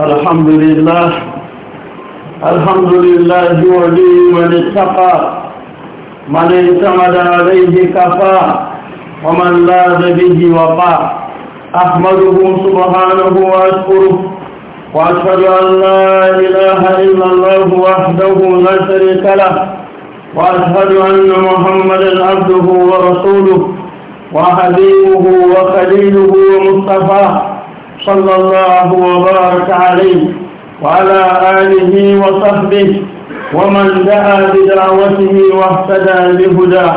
الحمد لله الحمد لله ولي من اتقى من اعتمد عليه كفى ومن لاذ به وقى أحمده سبحانه وأشكره وأشهد أن لا إله إلا الله وحده لا شريك له وأشهد أن محمدا عبده ورسوله وحبيبه وخليله ومصطفاه صلى الله وبارك عليه وعلى آله وصحبه ومن دعا بدعوته واهتدى بهداه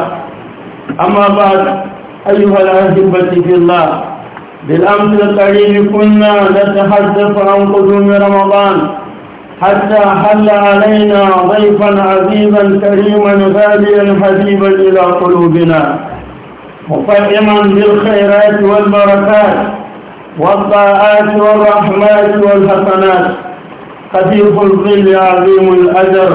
أما بعد أيها الأحبة في الله بالأمس القريب كنا نتحدث عن قدوم رمضان حتى حل علينا ضيفا عزيزا كريما غاليا حبيبا إلى قلوبنا مفرما بالخيرات والبركات والطاعات والرحمات والحسنات خفيف الظل عظيم الأجر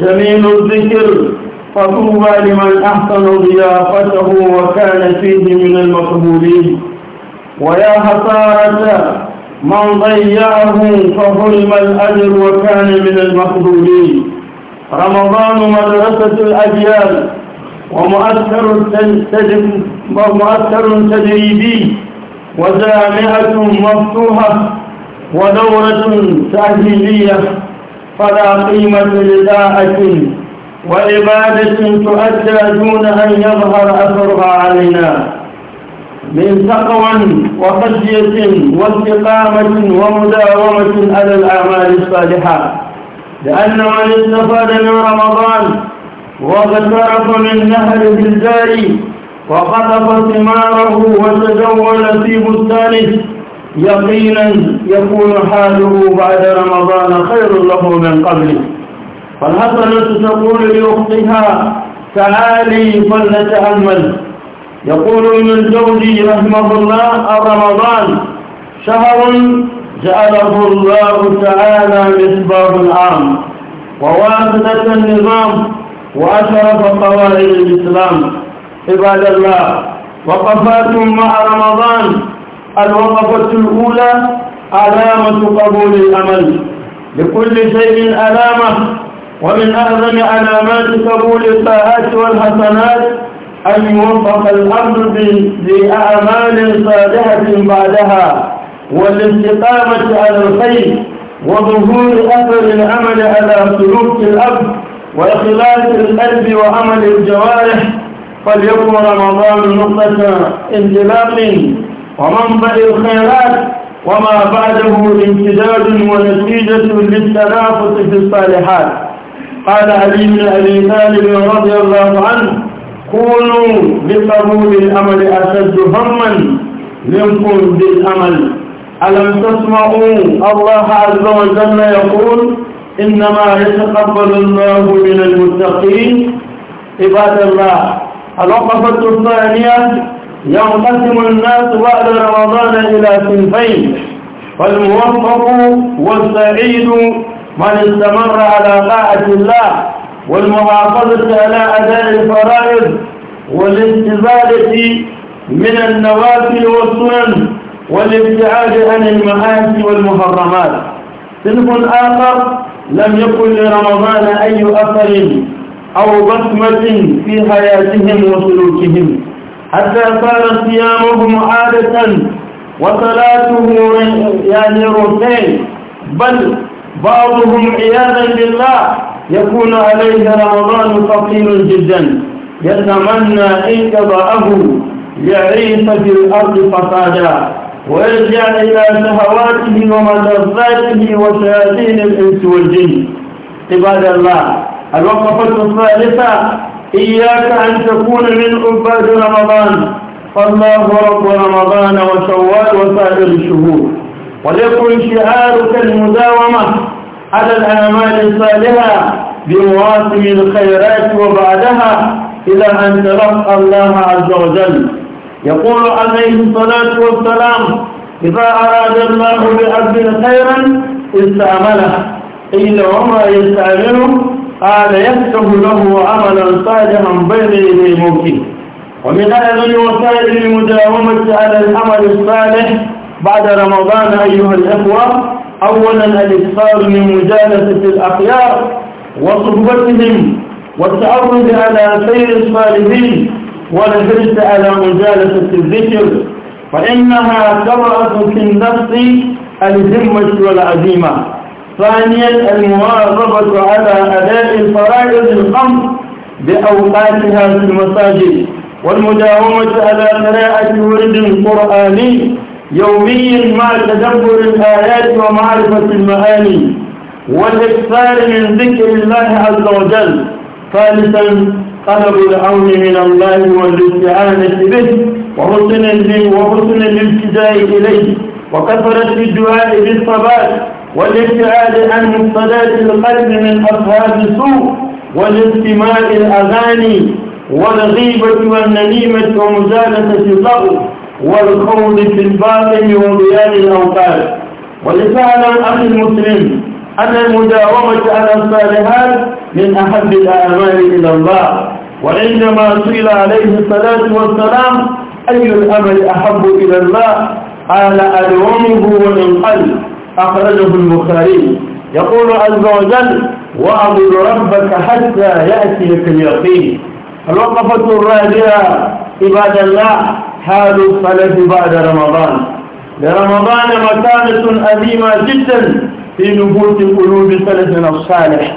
جميل الذكر فطوبى لمن أحسن ضيافته وكان فيه من المقبولين ويا خسارة من ضيعه فظلم الأجر وكان من المقبولين رمضان مدرسة الأجيال ومؤثر ومؤثر تدريبي وجامعة مفتوحة ودورة تأهيلية فلا قيمة لداعة وعبادة تؤدى دون أن يظهر أثرها علينا من تقوى وخشية واستقامة ومداومة على الأعمال الصالحة لأن من استفاد من رمضان واغترف من نهر بالداري وقطف ثماره وتجول في بستانه يقينا يكون حاله بعد رمضان خير له من قبله فالحسنة تقول لأختها تعالي فلنتأمل يقول ابن الجوزي رحمه الله رمضان شهر جعله الله تعالى مصباح العام وواسطة النظام وأشرف قواعد الإسلام عباد الله وقفات مع رمضان الوقفة الأولى علامة قبول الأمل لكل شيء علامة ومن أعظم علامات قبول الطاعات والحسنات أن يوفق الأمر بأعمال صالحة بعدها والاستقامة على الخير وظهور أثر العمل على سلوك الأب وإخلاص القلب وعمل الجوارح فليكن رمضان نقطة انطلاق ومنبأ الخيرات وما بعده امتداد ونتيجة للتنافس في الصالحات قال علي بن أبي طالب رضي الله عنه كونوا بقبول الأمل أشد هما منكم بالأمل ألم تسمعوا الله عز وجل يقول إنما يتقبل الله من المتقين عباد الله الوقفة الثانية ينقسم الناس بعد رمضان إلى صنفين فالموفق والسعيد من استمر على طاعة الله والمحافظة على أداء الفرائض والاستزادة من النوافل والسنن والابتعاد عن المعاصي والمحرمات صنف آخر لم يكن لرمضان أي أثر أو بصمة في حياتهم وسلوكهم حتى صار صيامهم عادة وصلاته يعني روتين بل بعضهم عياذا بالله يكون عليه رمضان ثقيل جدا يتمنى انقضاءه يعيش في الارض فسادا ويرجع إلى شهواته وملذاته وشياطين الإنس والجن عباد الله الوقفة الثالثة إياك أن تكون من عباد رمضان فالله رب رمضان وشوال وسائر الشهور وليكن شعارك المداومة على الأعمال الصالحة بمواسم الخيرات وبعدها إلى أن تلقى الله عز وجل يقول عليه الصلاة والسلام إذا أراد الله بعبد خيرا استعمله قيل وما يستعمله قال يكتب له عملا صالحا بين يدي موته ومن أيضا وسائل المداومة على العمل الصالح بعد رمضان أيها الأخوة أولا الإكثار من مجالسة الأخيار وصحبتهم والتعرض على سير الصالحين ولزلت على مجالسة الذكر فإنها كبرة في النفس الهمة والعزيمة ثانيا المواظبة على أداء الفرائض الخمس بأوقاتها في المساجد والمداومة على قراءة ورد قرآني يوميا مع تدبر الآيات ومعرفة المعاني والإكثار من ذكر الله عز وجل ثالثا طلب العون من الله والاستعانة به وحسن وحسن الالتجاء إليه وكثرة الدعاء بالثبات والابتعاد عن مفسدات القلب من أصحاب السوء والاستماع الأغاني والغيبة والنميمة ومجالسة الضغط والخوض في الباطن وضيان الأوقات ولسان أخي المسلم أن المداومة على الصالحات من أحب الأعمال إلى الله وإنما سئل عليه الصلاة والسلام أي الأمل أحب إلى الله قال ألومه وإن قلب أخرجه البخاري يقول عز وجل وأعبد ربك حتى يأتيك اليقين الوقفة الرابعة عباد الله حال الصلاة بعد رمضان لرمضان مكانة أليمة جدا في نفوس قلوب سلفنا الصالح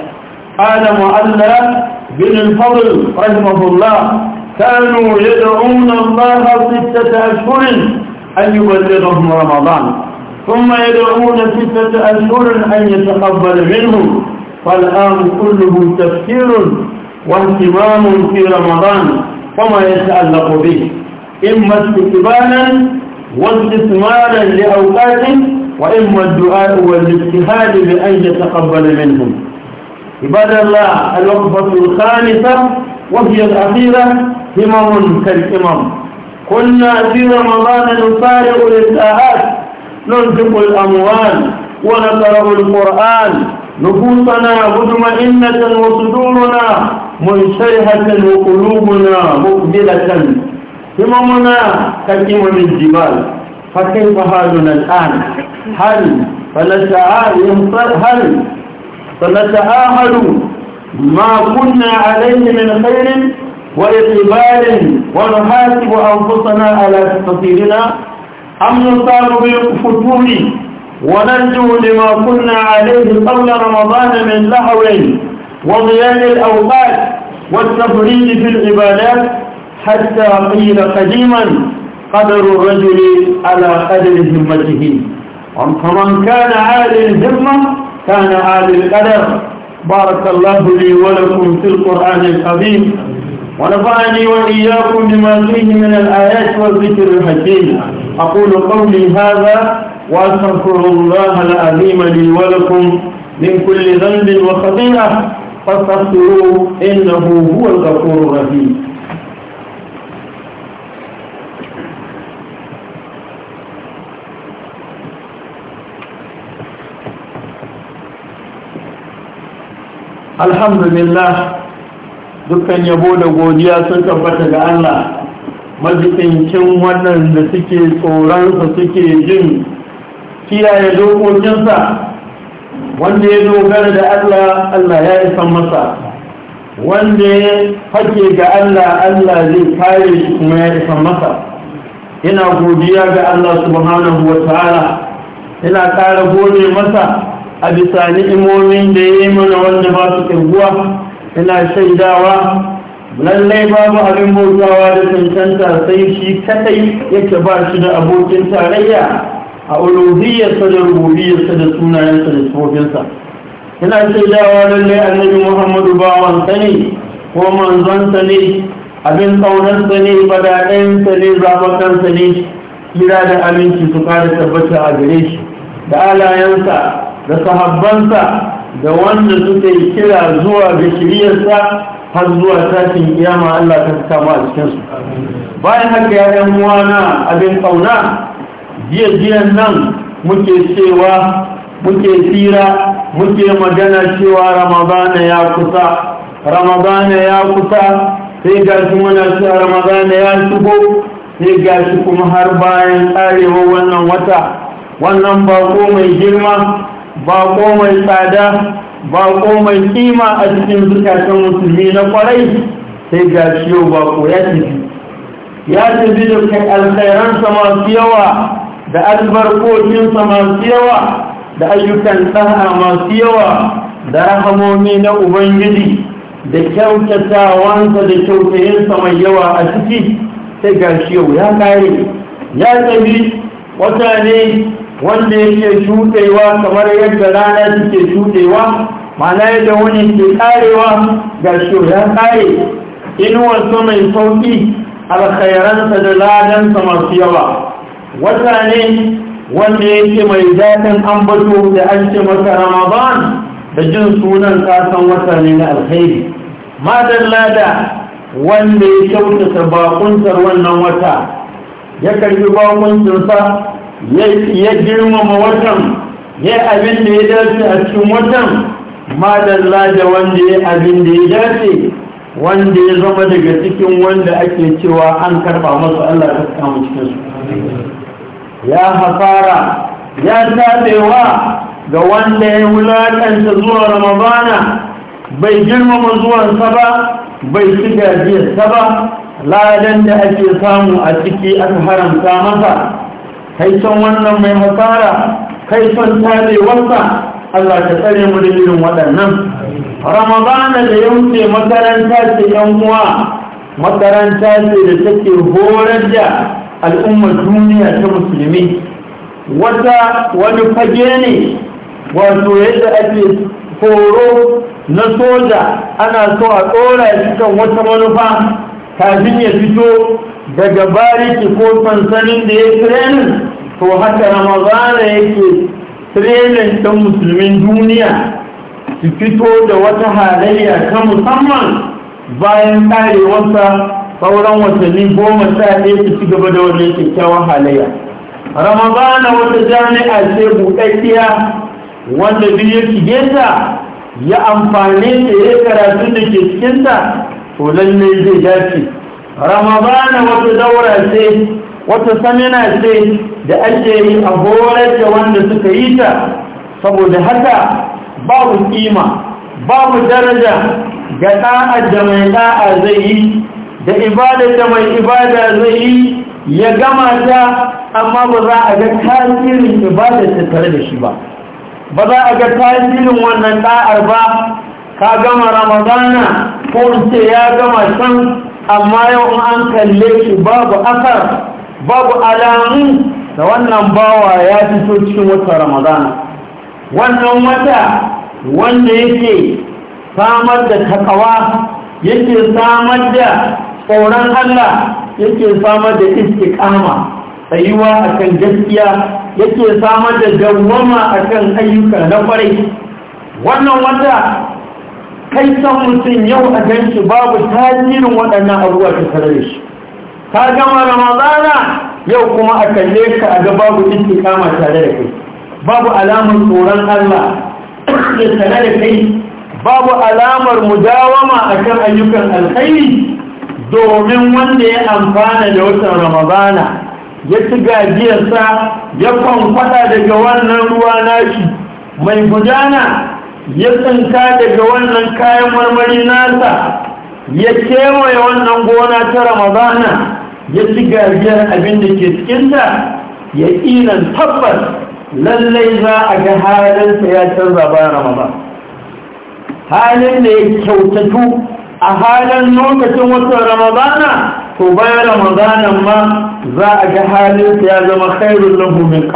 قال معلق بن الفضل رحمه الله كانوا يدعون الله ستة أشهر أن يبلغهم رمضان ثم يدعون ستة أشهر أن يتقبل منهم فالآن كله تفكير واهتمام في رمضان وما يتعلق به إما استقبالا واستثمارا لأوقات وإما الدعاء والاجتهاد بأن يتقبل منهم عباد الله الوقفة الخامسة وهي الأخيرة همم كالإمم كنا في رمضان نفارق للساعات ننفق الأموال ونقرأ القرآن نفوسنا مطمئنة وصدورنا منشرحة وقلوبنا مقبلة هممنا كالإمم الجبال فكيف حالنا الآن هل فنسعى هل فنتآمل ما كنا عليه من خير وإقبال ونحاسب أنفسنا على تقصيرنا أم نصاب بالفتور ونرجو لما كنا عليه قبل رمضان من لهو وضياء الأوقات والتفريد في العبادات حتى قيل قديما قدر الرجل على قدر همته ومن كان عالي الهمة كان عاد القدر بارك الله لي ولكم في القرآن العظيم ونفعني وإياكم بما فيه من الآيات والذكر الحكيم أقول قولي هذا وأستغفر الله العظيم لي ولكم من كل ذنب وخطيئة فاستغفروه إنه هو الغفور الرحيم alhamdulillah dukkan yabo da godiya sun tabbata ga Allah majikin wannan da suke tsoronsa suke jin kiyaye dokokinsa wanda ya dogara da Allah Allah ya isa masa wanda ya fake ga Allah Allah zai kare shi kuma ya isa masa ina godiya ga Allah subhanahu wa ta'ala ina ƙara gode masa a bisa ni'imomin da ya yi mana wanda ba su kirguwa ina shaidawa lallai babu abin bautawa da cancanta sai shi kadai yake ba shi da abokin tarayya a ulubiyarsa da rububiyarsa da sunayensa da tsofinsa ina shaidawa lallai annabi muhammadu bawansa ne ko manzonsa ne abin kaunarsa ne badaɗayensa ne zaɓakansa ne kira da aminci su ƙara tabbata a gare shi da alayensa da sahabbansa da wanda suka yi kira zuwa ga har zuwa tashin kiyama Allah ta kama a cikinsu bayan haka ya yan na abin kauna jiya jiya nan muke cewa muke tsira muke magana cewa ramadana ya kusa ramadana ya kusa sai ga shi muna cewa ramadana ya shigo sai ga shi kuma har bayan karewa wannan wata wannan bako mai girma ba ko mai tsada ba ko mai kima a cikin zukatan musulmi na kwarai sai ga ciyo ba ko ya tafi ya tafi da alkhairansa masu yawa da albarkokinsa masu yawa da ayyukan tsaha masu yawa da rahamomi na ubangiji da kyautatawansa da kyautayensa mai yawa a ciki sai ga shi ya kare ya tafi wata ne wanda yake shuɗewa kamar yadda rana take shuɗewa mana yadda wani ke ƙarewa ga ya ƙare inuwarsa mai sauƙi alkhairansa da ladansa masu yawa wata ne wanda yake mai an ambato da an ce masa ramadan da jin sunan ƙasan wata ne na alkhairi madan lada wanda ya kyautata bakuntar wannan wata ya karɓi bakuncinsa ya girmama watan ya abin da ya dace a cikin watan ma da lada wanda ya abin da ya dace wanda ya zama daga cikin wanda ake cewa an karba masu Allah ta kama cikinsu ya hasara ya tabewa ga wanda ya wulaƙanta zuwa ramadana bai girmama zuwansa ba bai ci gajiyarsa ba ladan da ake samu a ciki aka haramta masa kai son wannan mai hasara kai son tabewarsa Allah ta tsare mu da irin waɗannan ramadana da ya wuce makaranta ce yan uwa makaranta ce da take horar da al'ummar duniya ta musulmi wata wani fage ne wato yadda ake horo na soja ana so a ɗora shi kan wata manufa kafin ya fito daga bariki ko sansanin da ya tirenin to haka ramazana yake tirenin ta musulmin duniya su fito da wata halayya ta musamman bayan karewarsa sauran watanni goma sha ɗaya su ci gaba da wannan kyakkyawan halayya ramazana wata jami'a ce buɗaɗɗiya wanda duk ya shige ta ya amfani da ya karatu da ke cikinta to lallai zai dace ramadana wata daura ce wata samina ce da ake yi a horar da wanda suka yi ta saboda haka babu kima babu daraja ga ɗa'ar da mai zai yi da ibadar da mai ibada zai yi ya gama ta amma ba za a ga tasirin ibadar ta tare da shi ba ba za a ga tasirin wannan ɗa'ar ba ka gama ramadana ko ce ya gama can amma yau in an kalle shi babu asar babu alamu da wannan bawa ya fito cikin wata ramadana wannan wata wanda yake samar da takawa yake samar da tsoron allah yake samar da istiƙama tsayuwa a kan gaskiya yake samar da dawwama a kan ayyuka na kwarai wannan wata kai san mutum yau a gan shi babu tasirin waɗannan abubuwa ta tare shi ka gama ramadana yau kuma a kalle ka a ga babu istiqama tare da kai babu alamar tsoron Allah da tare da kai babu alamar mudawama akan ayyukan alkhairi domin wanda ya amfana da watan ramadana ya ci gajiyarsa ya kwankwada daga wannan ruwa nashi mai gudana ya tsinka daga wannan kayan marmari nasa ya kewaye wannan gona ta ramadana ya ci gajiyar abin da ke cikinta ya ƙinan tabbas lallai za a ga halinsa ya canza bayan ramadan halin da ya kyautatu a halin lokacin watan ramadana to bayan ramadanan ma za a ga halinsa ya zama khairun lahu min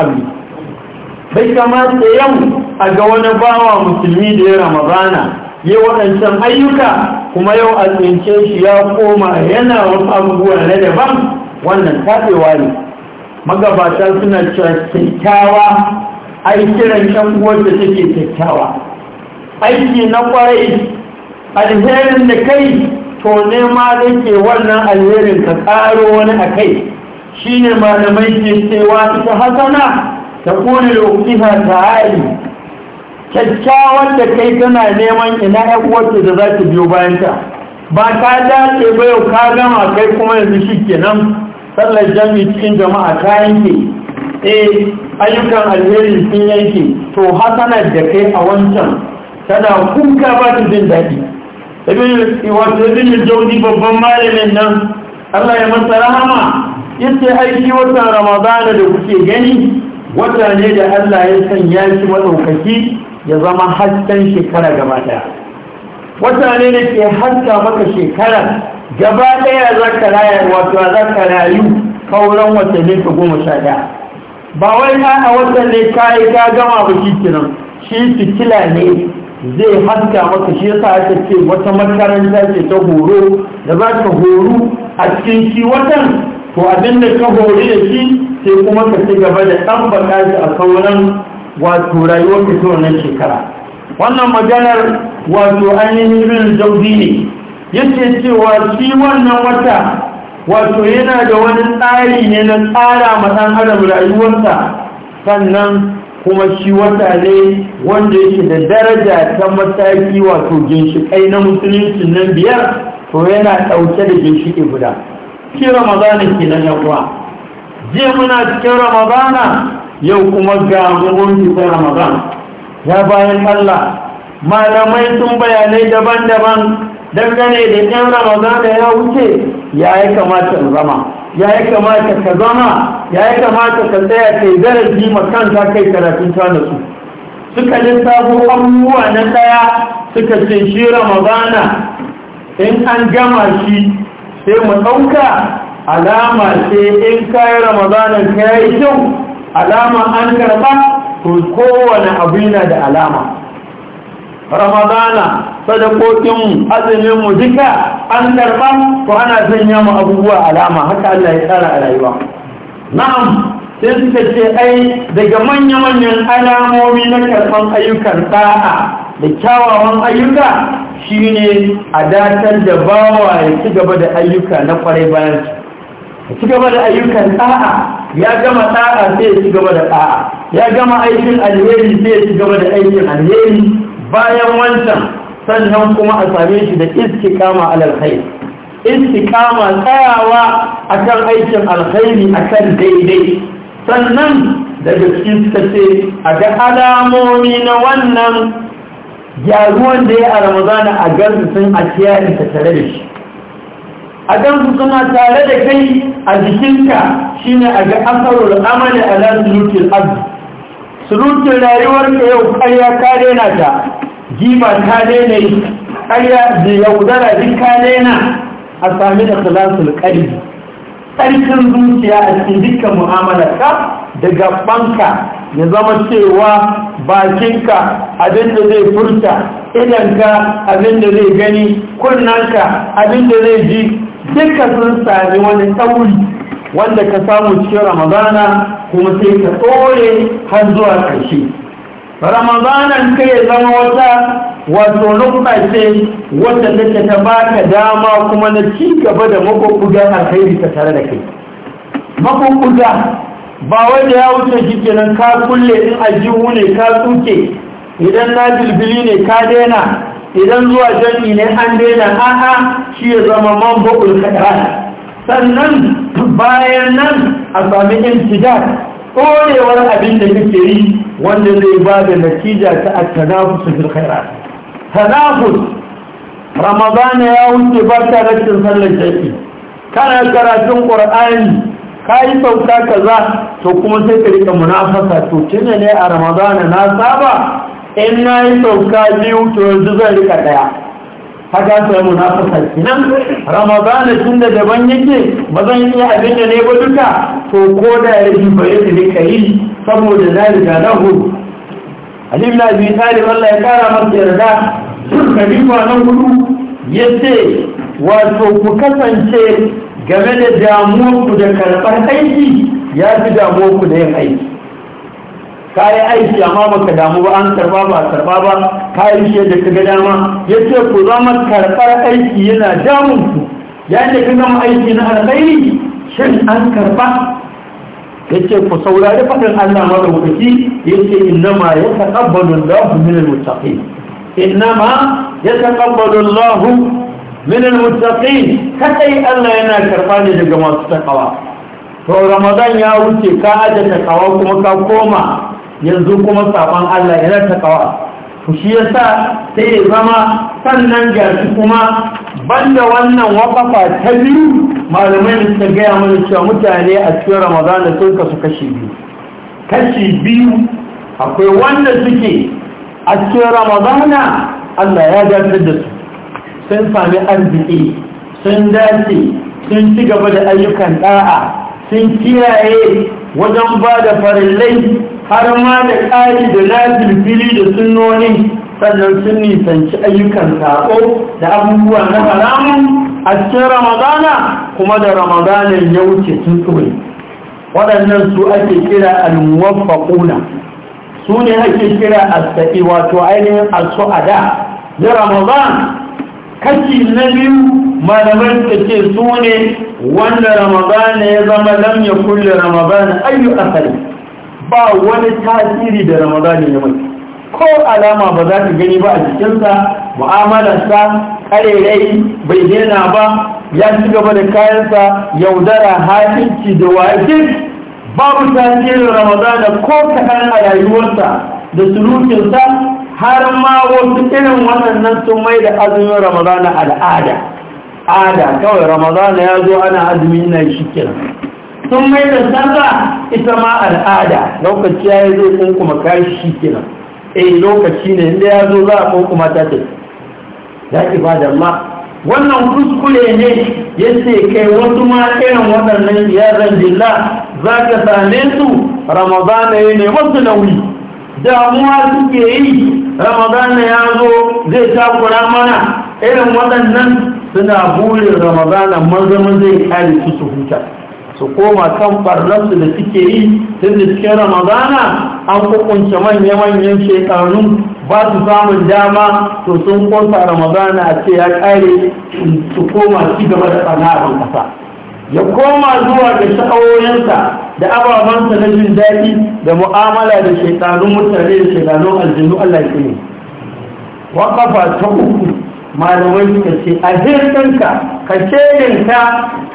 bai kamata yau a ga wani bawa musulmi da ya ramadana ya waɗancan ayyuka kuma yau a tsince shi ya koma yana wasu abubuwa na daban wannan taɓewa ne magabata suna cewa kyakkyawa yi kiran can uwarta take kyakkyawa aiki na kwarai alherin da kai to nema da ke wannan alherin ka ƙaro wani a kai shi ne malamai ke cewa ita hasana ta kuri lokuta ta'ali kyakkyawan da kai tana neman ina yan uwarta da zata biyo bayan ta ba ta dace ba yau ka gama kai kuma yanzu shi kenan sallar jami'i cikin jama'a ta yanke eh ayyukan alheri sun yanke to hasanar da kai a wancan tana kuka ba ta jin daɗi wato ibn jaudi babban malamin nan Allah ya masa rahama yace aiki watan ramadana da kuke gani wata ne da Allah ya sanya shi maɗaukaki ya zama hasken shekara gaba ɗaya wata ne da ke haska maka shekara gaba ɗaya za ka raya wato za ka rayu kauran watanni ka goma sha ɗaya ba wai na a watan ne ka yi ka gama ba shi shi fitila ne zai haska maka shi yasa aka ce wata makaranta ce ta horo da za ka horo a cikin shi watan to abin da ka hori da shi sai kuma ka ci gaba da ɗabbaka shi a sauran wato rayuwar ka wannan shekara wannan maganar wato ainihin bin jaudi ne yake cewa shi wannan wata wato yana da wani tsari ne na tsara ma ɗan adam rayuwarsa sannan kuma shi wata ne wanda yake da daraja ta mataki wato ginshiƙai na musulunci nan biyar to yana ɗauke da ginshiƙi guda cikin ramadana ke nan yawa jiya muna cikin ramadana yau kuma ga cikin ramadana ya bayan allah malamai sun bayanai daban-daban dangane da yan ramadana ya wuce ya yi kamata zama ya yi kamata ka zama ya yi kamata ka tsaya kai zarafi makanta kai karatun tana su suka lissafo abubuwa na ɗaya suka ce shi ramadana in an gama shi sai mu ɗauka alama ce in kayi ramadanin ka yi kyau alama an karɓa to kowane abu yana da alama ramadana sadakokinmu mu duka an karɓa to ana sanya mu abubuwa alama haka Allah ya tsara a rayuwa na'am sai suka ce ai daga manya-manyan alamomi na karɓar ayyukan sa'a da kyawawan ayyuka ne a datar da bawa ya ci gaba da ayyuka na kwarai bayan ya ci gaba da ayyukan ɗa'a ya gama ɗa'a sai ya ci gaba da ɗa'a ya gama aikin alheri sai ya ci gaba da aikin alheri bayan wancan sannan kuma a same shi da kama alal iski kama tsayawa akan aikin alkhairi akan daidai sannan daga cikin sai a ga alamomi na wannan gyaruwan da ya a ramadana a gansu sun a kiyarinka tare da shi a gansu suna tare da kai a jikinka shi ne a ga asarar amali a nan sulukin abu sulukin yau karya ka daina ta jima ka daina yi karya da yaudara duk ka daina a sami da salasul ƙarfi tsarkin zuciya a cikin dukkan mu'amalarka daga banka ya zama cewa bakinka abin da zai furta idanka abin da zai gani kunnanka abin da zai ji duka sun sami wani tsauri wanda ka samu cikin ramadana kuma sai ka tsore har zuwa ƙarshe ramadanan ka ya zama wata wato numfa ce wanda take ta baka dama kuma na ci gaba da makwakwagar alkhairi ta tare da kai makwakwaga ba wanda ya wuce shi kenan ka kulle in ajihu ne ka tsuke idan na bilbili ne ka daina idan zuwa jami ne an daina a'a shi ya zama man bakul sannan bayan nan a sami intidar ɗorewar abin da kake yi wanda zai ba da natija ta attana su khairat tanafus ramadana ya wuce ba ta rashin sallar shafi kana karatun ƙur'ani ka yi sauka kaza to kuma sai ka rika munafasa to tuna ne a ramadana na saba in na yi sauka biyu to yanzu zai rika ɗaya haka sai munafasa kinan ramadana tun da daban yake ba zan iya abin da ne ba duka to ko da ya yi rika yi saboda na riga na Ali na Abi Talib Allah ya kara masa yarda khalifa na hudu yace wato ku kasance game da ku da karɓar aiki ya fi ku da yin aiki ka yi aiki amma baka damu ba an karɓa ba a karɓa ba ka yi shi da ka ga dama ya ce ku zama karɓar aiki yana ku. ya ce ka zama aiki na alkhairi shin an karɓa yace ku saurari fadin Allah madaukaki yace innama yataqabbalu Allahu min al-muttaqin innama yataqabbalu Allahu min al-muttaqin kadai Allah yana karba ne daga masu takawa to Ramadan ya wuce ka aje takawa kuma ka koma yanzu kuma saban Allah yana takawa shi sa sai ya zama sannan gashi kuma banda wannan wakafa ta biyu malamai da suka gaya mana cewa mutane a cikin ramadana sun kasu kashi biyu kashi biyu akwai wanda suke a cikin ramadana allah ya dace da su sun sami arziki sun dace sun ci gaba da ayyukan ɗa'a. sun kiyaye wajen ba da farillai har ma da ƙari da lafilfili da sunnoni sannan sun nisanci ayyukan saƙo da abubuwa na haramun a cikin ramadana kuma da ramadanan ya wuce sun tsoye waɗannan su ake kira almuwaffaquna su ne ake kira as wato ainihin as-su'ada da ramadan kashi na biyu malamai ta ce su ne wanda ramadana ya zama lam ya kulle ramadana ayyu asali ba wani tasiri da ramadana ya mai ko alama ba za ta gani ba a cikinsa mu'amalarsa karerai bai daina ba ya ci gaba da kayansa yaudara hatinci da wajen babu tasirin ramadan ko kaɗan a rayuwarsa da sulukinsa har ma wasu irin waɗannan sun mai da azumin ramadana al'ada ada kawai ramadana ya zo ana azumin na shi kira sun mai da sarra ita ma al'ada lokaci ya yi zai kunkuma kashi shi kira eh lokaci ne inda ya zo za a kunkuma ta ce za ki ba da ma wannan kuskure ne ya ce kai wasu ma irin waɗannan yaran jilla za ka same su ramadana ya ne wasu nauyi damuwa suke yi ramadana ya zo zai takura mana irin waɗannan suna burin ramadana maza zai kare su su huta su koma kan ɓarnarsu da suke yi sun da cikin ramadana an kukunce manya-manyan shekaru ba su samun dama to sun kosa ramadana a ce ya kare su koma ci gaba da sana'ar ƙasa ya koma zuwa ga sha'awoyinsa da ababansa na jin daɗi da mu'amala da shaitanun mutane da shaitanun aljinu Allah ya waƙafa ta uku malamai suka ce a hirɗinka ka shedinka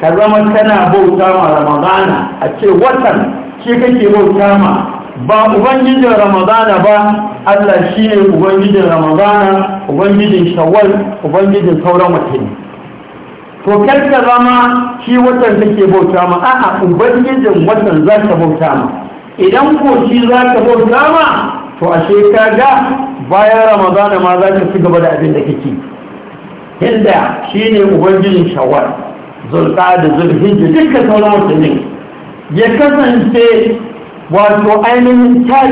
ka zama kana bauta ma ramadana a ce watan shi kake bauta ma ba ubangijin ramadana ba Allah shi ne ubangijin ramadana ubangijin shawal ubangijin sauran watanni to ka zama shi watan take bauta ma a'a ubangijin watan za ka bauta ma idan ko shi za ka bauta ma to a ka ga bayan ramadana ma za ka ci gaba da abin da kake inda shi ne ubangijin shawar zulka da zulhijji dukkan sauran watannin ya kasance wato ainihin ka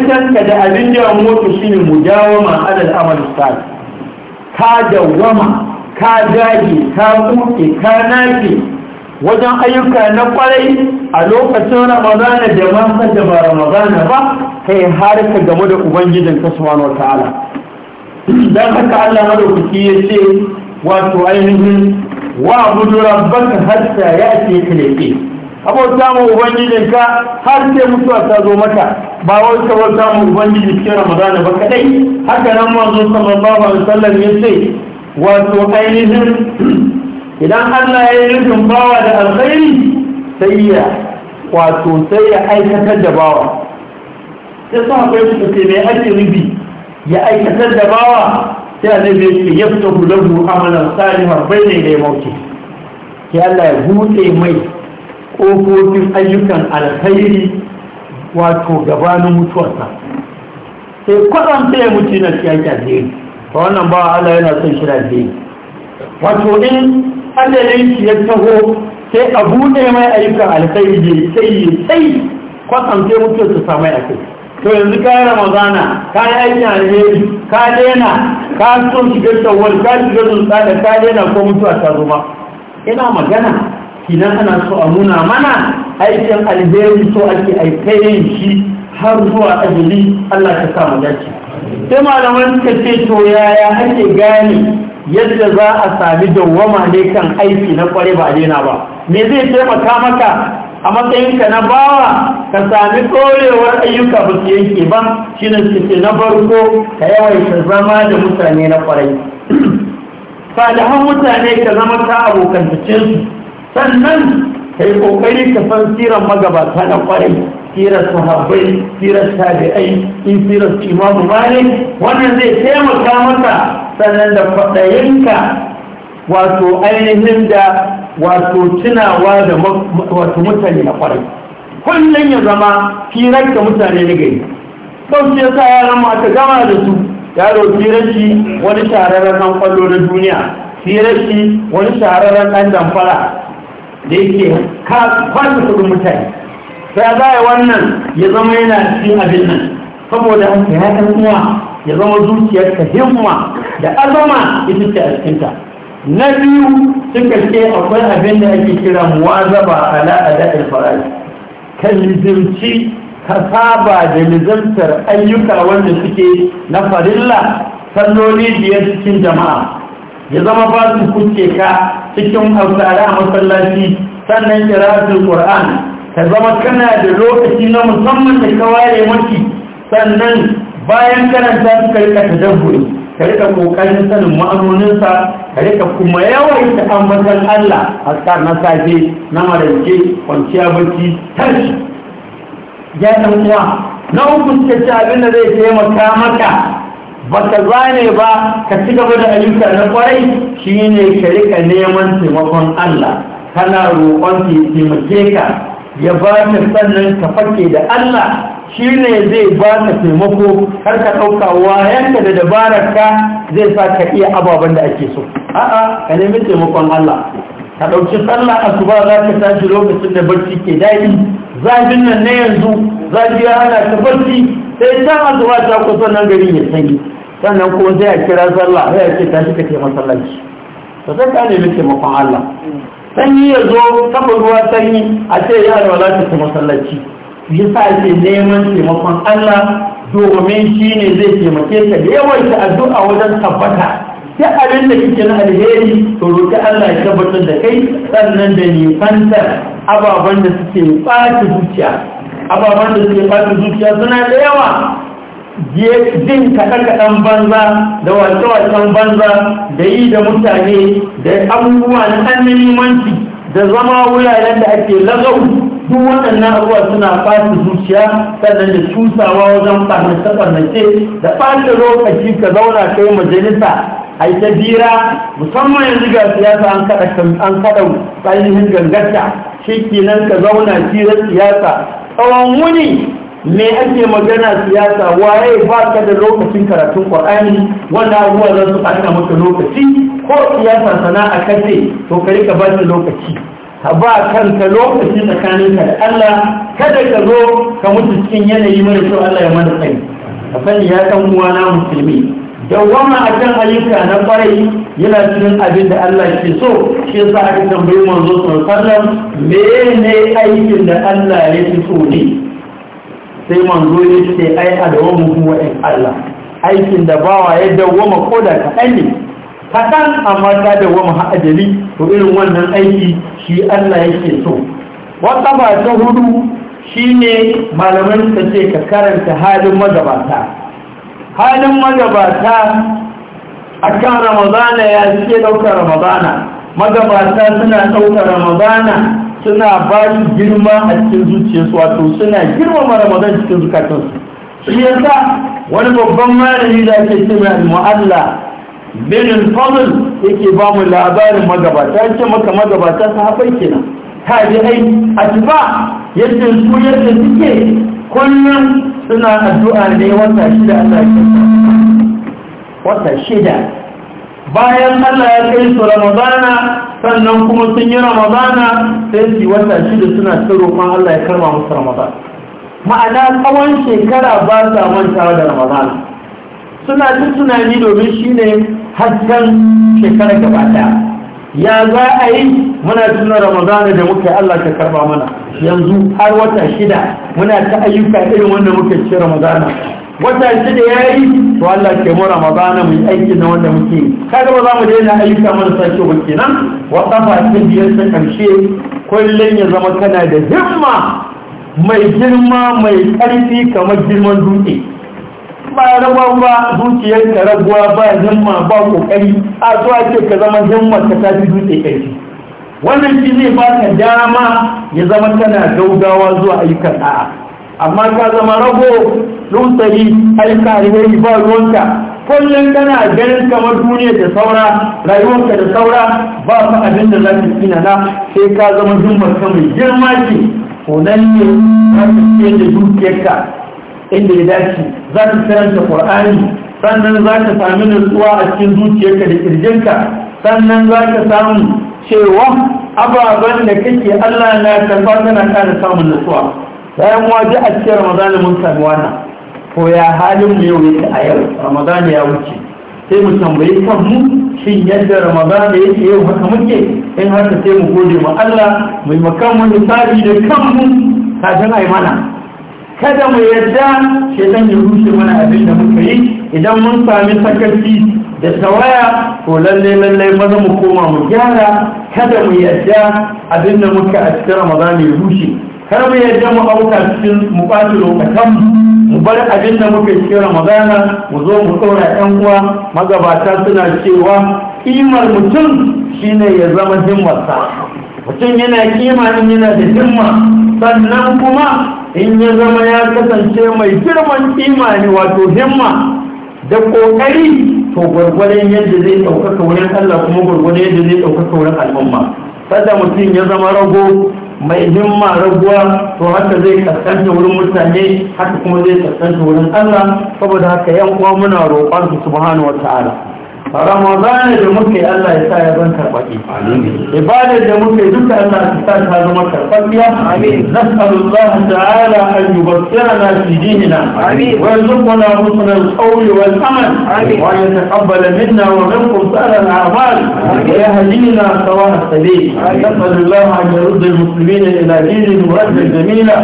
da abin da ya mutu shi ne ma alal amal sa ka dawwama ka dage ka buɗe ka nafi wajen ayyuka na kwarai a lokacin ramazana da masu da ba ramazana ba kai har ka gamu da ubangijin kasuwan wata ala. dan haka Allah madaukaki ya ce wato ainihin wa hasta ya ce ka kalayki abota samun ubangijin ka har sai mutuwa ta zo mata ba wani ka samun ubangijin cikin ramazana ba kadai haka nan manzo sallallahu alaihi wasallam ya ce wato ainihin idan Allah ya yi nufin bawa da alkhairi sai ya wato sai ya aikatar da bawa sai sa akwai su ke mai ake rubi ya aikatar da bawa sai a zai shi ya fito gudanmu mu'amalar salihar bai ne da ya mauke ya Allah ya buɗe mai ƙofofin ayyukan alkhairi wato gabanin mutuwarsa sai kwaɗanta ya mutu na siyasa zai ba wannan ba Allah yana son kira rafi wato in adalin shi ya taho sai a buɗe mai ayyukan alkhairi ne sai yi sai kwatsam sai su samai a to yanzu ka yi ramazana ka yi aikin alheri ka daina ka so shiga shawar ka shiga zuntsa da ka daina ko mutuwa ta zo ma ina magana kinan ana so a nuna mana aikin alheri so ake aikayen shi har zuwa ajali Allah ta mu dace sai malaman suka ce to yaya ake gane yadda za a sami dawwama ne kan aiki na kware ba daina ba me zai taimaka maka a matsayinka na bawa ka sami korewar ayyuka ba su yanke ba shi ne suke na farko ka yawaita zama da mutane na kwarai Fadahan mutane ka zama ta abokantacinsu sannan ka yi kokari ka san siran magabata na kwarai sirar sahabbai sirar tabi'ai in sirar imamu bane wannan zai taimaka maka sannan da faɗayinka wato ainihin da wato tunawa da wato mutane na kwarai kullum ya zama firar da mutane na gari sau ya sa yaran mata gama da su yaro firar shi wani shahararren ɗan kwallo na duniya firar shi wani shahararren ɗan damfara da yake kwanta kudin mutane ya wannan ya zama yana cikin abin nan saboda haka ya kan uwa ya zama ka himma da azama ita ce a cikinta na biyu suka ce akwai abin da ake kira muwazaba ala ada'il faraji ka lizimci ka saba da lizimtar ayyuka wanda suke na farilla salloli biyar cikin jama'a ya zama ba su kuce ka cikin hausare a masallaci sannan kirasin qur'an. ka zama kana da lokaci na musamman da ka ware sannan bayan karanta su ka rika tadabburi ka rika kokarin sanin ma'anoninsa ka rika kuma yawaita ambatan Allah a tsar na safe na marance kwanciya bacci tashi ya dan uwa na uku suka ci abin da zai taimaka maka baka zane ba ka ci gaba da ayyuka na kwarai shine ka rika neman taimakon Allah kana roƙon taimake ka ya ba ta sannan ka fake da Allah shi ne zai ba ta taimako har ka ɗauka wayanka da dabarar ka zai sa ka iya ababen da ake so a'a ka nemi taimakon Allah ka ɗauki sallah asuba za ka tashi lokacin da barci ke daɗi zafin nan na yanzu za zafi ya hana ka barci sai ta asuba ta kusa nan gari ya sanyi sannan kuma sai a kira sallah sai a ce tashi ka taimaka masallaci ka sai ka nemi taimakon Allah sanyi ya zo kafa ruwa sanyi a ce ya alwala ta kuma sallaci yasa ce neman taimakon Allah domin shi ne zai taimake ka da yawaita addu'a wajen tabbata duk abin da kike na alheri to roƙi Allah ya tabbatar da kai sannan da ni nisantar ababen da suke ɓata zuciya ababan da suke ɓata zuciya suna da yawa jin kaɗe-kaɗen banza da wace-wacen banza da yi da mutane da abubuwa na annanimanci da zama wuraren da ake lagau duk waɗannan abubuwa suna fata zuciya sannan da cusawa wajen ɓarnace-ɓarnace da ɓata lokaci ka zauna kai majalisa a ita bira musamman yanzu ga siyasa an kaɗa an kaɗa ainihin gangarta shi ka zauna firar siyasa tsawon wuni me ake magana siyasa waye ba ka da lokacin karatun ƙwar'ani wanda abubuwa za su ɓata maka lokaci ko siyasa sana'a kace to ka rika ba lokaci ba kanka lokaci tsakanin ka da Allah kada ka zo ka mutu cikin yanayi mara kyau Allah ya mana tsayi a sani ya san na musulmi dawwama a kan ayyuka na kwarai yana cikin abin da Allah ke so shi yasa aka tambayi manzo sallallahu alaihi wasallam menene aikin da Allah ya fi so ne sai manzo ya ce ai wani wa in Allah aikin da bawa ya dawwama ko da kaɗan ne kaɗan amma ta dawwama ha ajali to irin wannan aiki shi Allah yake so wata ba ta hudu shine malaman ta ce ka karanta halin magabata halin magabata a kan ramadana ya ce ɗaukar ramadana magabata suna ɗaukar ramadana suna ba su girma a cikin zuciyarsu wato suna girmama ramadan cikin zukatansu shi yasa wani babban malami da ake ce mai mu'alla bin al-fadl yake ba mu labarin magabata yake maka magabata sahabbai kenan ci ba yadda su yadda suke kullum suna addu'a ne wata shida wata shida bayan Allah ya kai su Ramadana sannan kuma sun yi ramadana sai su wata shida suna ta roƙon Allah ya karba musu ramadana ma'ana tsawon shekara ba sa mantawa da ramadana suna ta tunani domin shine hasken shekara gaba ɗaya ya za a yi muna tuna ramadana da muka Allah ta karba mana yanzu har wata shida muna ta ayyuka irin wanda muka ci ramadana wata shida ya yi to Allah ke mu ramadana mu aiki na wanda muke kada ba za mu daina ayyuka mana sashe ba kenan wa kafa ta biyar ta karshe kullum ya zama kana da himma mai girma mai ƙarfi kamar girman dutse ba rabuwa ba zuciyar ka rabuwa ba himma ba kokari a zuwa ce ka zama himma ka tafi dutse kai wannan shi zai ka dama ya zama kana gaugawa zuwa ayyukan da'a amma ka zama rago lusari ayyuka alheri ba ruwanka kullum kana ganin kamar duniya da saura rayuwarka da saura ba fa abin da za ka na sai ka zama himmar ka mai girma ce ko nan ne za ka da dukiyarka inda ya dace za ta karanta qur'ani sannan za ka sami nutsuwa a cikin zuciyarka da kirjinka sannan za ka samu cewa ababen da kake Allah na karfa kana ƙara samun nutsuwa bayan waje a cikin Ramadan mun sami wannan ko ya halin mu yau yake a yau Ramadan ya wuce sai mu tambayi kan mu shin yadda Ramadan yake yau haka muke in haka sai mu gode ma Allah mu yi makan mu da kanmu kafin a yi mana kada mu yarda shaitan ya rushe mana abin da muka yi idan mun sami sakaci da tawaya to lalle lalle maza mu koma mu gyara kada mu yarda abin da muka a cikin ramadan ya rushe kar mu yarda mu auka cikin mu ɓaci lokacin mu bar abin da muka cikin ramadan mu zo mu tsora yan uwa magabata suna cewa kimar mutum shine ya zama himmarsa mutum yana kima in yana da himma sannan kuma in ya zama ya kasance mai girman imani wato himma da ƙoƙari to gwargwadon yadda zai ɗaukaka wurin Allah kuma gwargwadon yadda zai ɗaukaka wurin al'umma kada mutum ya zama rago mai himma raguwa to haka zai kaskanta wurin mutane haka kuma zai kaskanta wurin Allah saboda haka yan uwa muna roƙon su subhanahu wata'ala ramadana da muke Allah ya sa ya zan karɓaƙi ibadar da muke duka Allah ya sa ta zama karɓaƙiya nas'alullah ta'ala an yubassirana fi dinina wa yarzuqna husna al-qawli wal amal wa yataqabbal minna wa minkum sa'al al-a'mal wa yahdina sawa as-sabil nas'alullah an yurd al-muslimin ila dinin mu'azzam jamila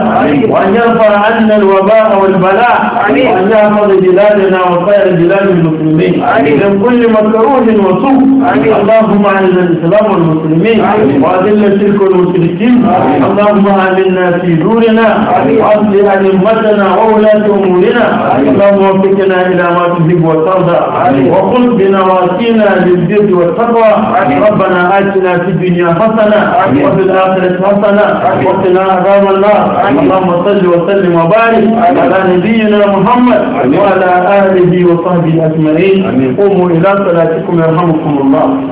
wa an yarfa 'anna al-waba' wal bala' wa an yahfaz biladana wa sa'ir bilad al-muslimin min kulli مكروه وسوء اللهم عن الاسلام والمسلمين واذل الشرك والمشركين اللهم امنا في دورنا واصلح ائمتنا وولاة امورنا اللهم وفقنا الى ما تحب وترضى وقل بنواسينا للبر والتقوى ربنا اتنا في الدنيا حسنه وفي الاخره حسنه وقنا عذاب النار اللهم صل وسلم وبارك على نبينا محمد وعلى اله وصحبه اجمعين قوموا الى صلاتكم يرحمكم الله